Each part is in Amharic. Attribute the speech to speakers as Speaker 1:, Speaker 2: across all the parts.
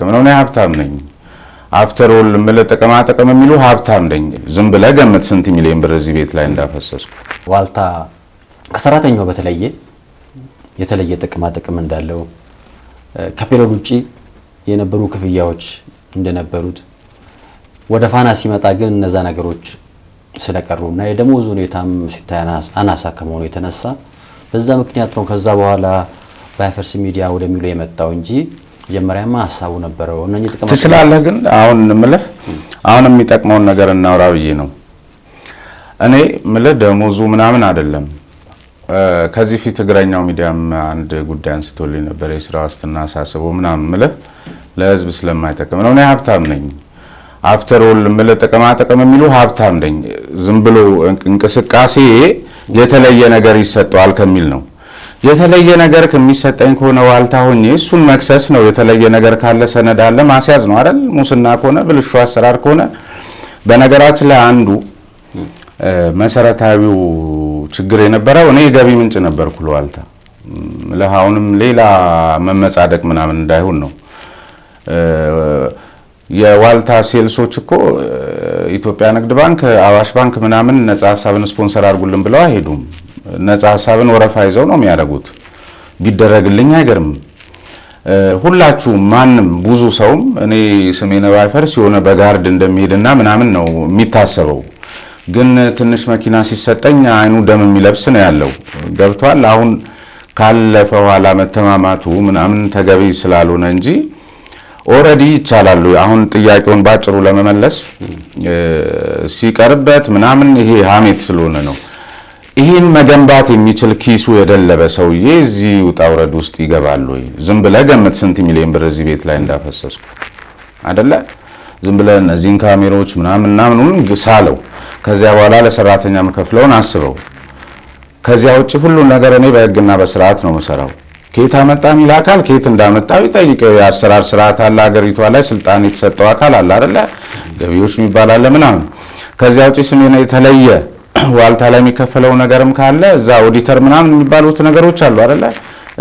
Speaker 1: ከምነው ሀብታም ነኝ አፍተር ኦል ምለ ጠቀም የሚሉ ሀብታም ነኝ። ዝም ብለ ገመት ስንት ሚሊዮን ብር እዚህ ቤት ላይ እንዳፈሰስኩ።
Speaker 2: ዋልታ ከሰራተኛው በተለየ የተለየ ጥቅማ ጥቅም እንዳለው ከፔሮድ ውጭ የነበሩ ክፍያዎች እንደነበሩት ወደ ፋና ሲመጣ ግን እነዛ ነገሮች ስለቀሩ እና የደሞዝ ሁኔታም ሲታይ አናሳ ከመሆኑ የተነሳ በዛ ምክንያት ነው ከዛ በኋላ ባይፈርስ ሚዲያ ወደሚለው የመጣው እንጂ መጀመሪያማ ሀሳቡ ነበረው
Speaker 1: እነኚህ ጥቅም ትችላለህ። ግን አሁን ምልህ አሁን የሚጠቅመውን ነገር እናውራ ብዬ ነው እኔ ምልህ ደሞዙ ምናምን አይደለም። ከዚህ ፊት እግረኛው ሚዲያም አንድ ጉዳይ አንስቶልኝ ነበር። የስራ ዋስትና አሳስቦ ምናምን ምልህ ለህዝብ ስለማይጠቅም ነው። እኔ ሀብታም ነኝ። አፍተር ኦል ምልህ ጥቅማ ጥቅም የሚሉ ሀብታም ነኝ። ዝም ብሎ እንቅስቃሴ የተለየ ነገር ይሰጠዋል ከሚል ነው የተለየ ነገር ከሚሰጠኝ ከሆነ ዋልታ ሆኜ እሱን መክሰስ ነው። የተለየ ነገር ካለ ሰነድ አለ ማስያዝ ነው አይደል? ሙስና ከሆነ ብልሹ አሰራር ከሆነ በነገራችን ላይ አንዱ መሰረታዊው ችግር የነበረው እኔ የገቢ ምንጭ ነበርኩ ለዋልታ ለአሁንም ሌላ መመጻደቅ ምናምን እንዳይሆን ነው። የዋልታ ሴልሶች እኮ ኢትዮጵያ ንግድ ባንክ፣ አዋሽ ባንክ ምናምን ነጻ ሀሳብን ስፖንሰር አድርጉልን ብለው አይሄዱም። ነጻ ሀሳብን ወረፋ ይዘው ነው የሚያደርጉት። ቢደረግልኝ አይገርምም። ሁላችሁም ማንም ብዙ ሰውም እኔ ስሜነ ባይፈርስ የሆነ በጋርድ እንደሚሄድና ምናምን ነው የሚታሰበው። ግን ትንሽ መኪና ሲሰጠኝ አይኑ ደም የሚለብስ ነው ያለው። ገብቷል። አሁን ካለፈ ኋላ መተማማቱ ምናምን ተገቢ ስላልሆነ እንጂ ኦረዲ ይቻላሉ። አሁን ጥያቄውን ባጭሩ ለመመለስ ሲቀርበት ምናምን ይሄ ሀሜት ስለሆነ ነው ይህን መገንባት የሚችል ኪሱ የደለበ ሰውዬ እዚህ ውጣ ውረድ ውስጥ ይገባል ወይ? ዝም ብለህ ገምት፣ ስንት ሚሊዮን ብር እዚህ ቤት ላይ እንዳፈሰስኩ አደለ? ዝም ብለህ እነዚህን ካሜሮች ምናምን ምናምኑን ሳለው፣ ከዚያ በኋላ ለሰራተኛ ምከፍለውን አስበው። ከዚያ ውጭ ሁሉን ነገር እኔ በህግና በስርዓት ነው የምሰራው። ከየት አመጣ የሚል አካል ከየት እንዳመጣው ይጠይቀው። የአሰራር ስርዓት አለ፣ ሀገሪቷ ላይ ስልጣን የተሰጠው አካል አለ አደለ? ገቢዎች የሚባል አለ ምናምን። ከዚያ ውጭ ስሜ የተለየ ዋልታ ላይ የሚከፈለው ነገርም ካለ እዛ ኦዲተር ምናምን የሚባሉት ነገሮች አሉ አይደለ?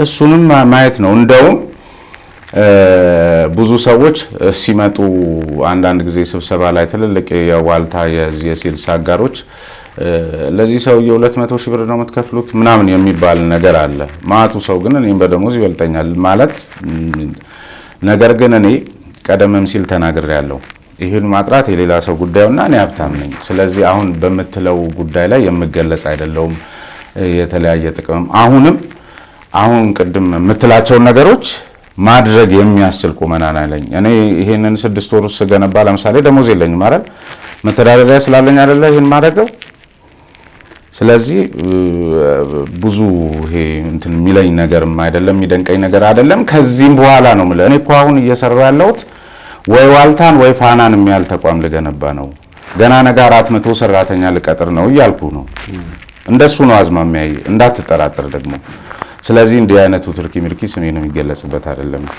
Speaker 1: እሱንም ማየት ነው። እንደውም ብዙ ሰዎች ሲመጡ አንዳንድ ጊዜ ስብሰባ ላይ ትልልቅ የዋልታ የሴልስ አጋሮች ለዚህ ሰውዬ ሁለት መቶ ሺህ ብር ነው የምትከፍሉት ምናምን የሚባል ነገር አለ። ማቱ ሰው ግን እኔም በደሞዝ ይበልጠኛል ማለት ነገር ግን እኔ ቀደምም ሲል ተናግሬ ያለው ይህን ማጥራት የሌላ ሰው ጉዳዩና እኔ ሀብታም ነኝ። ስለዚህ አሁን በምትለው ጉዳይ ላይ የምገለጽ አይደለውም። የተለያየ ጥቅምም አሁንም አሁን ቅድም የምትላቸውን ነገሮች ማድረግ የሚያስችል ቁመና አለኝ። እኔ ይህንን ስድስት ወር ስገነባ ለምሳሌ ደሞዝ የለኝ አይደል? መተዳደሪያ ስላለኝ አደለ ይህን ማድረገው። ስለዚህ ብዙ ይሄ እንትን የሚለኝ ነገርም አይደለም፣ የሚደንቀኝ ነገር አይደለም። ከዚህም በኋላ ነው የምልህ እኔ እኮ አሁን እየሰራ ያለሁት ወይ ዋልታን ወይ ፋናን የሚያል ተቋም ልገነባ ነው፣ ገና ነገ አራት መቶ ሰራተኛ ልቀጥር ነው እያልኩ ነው። እንደሱ ነው አዝማሚያይ እንዳትጠራጠር ደግሞ። ስለዚህ እንዲህ አይነቱ ትርኪ ምርኪ ስሜ ነው የሚገለጽበት አይደለም።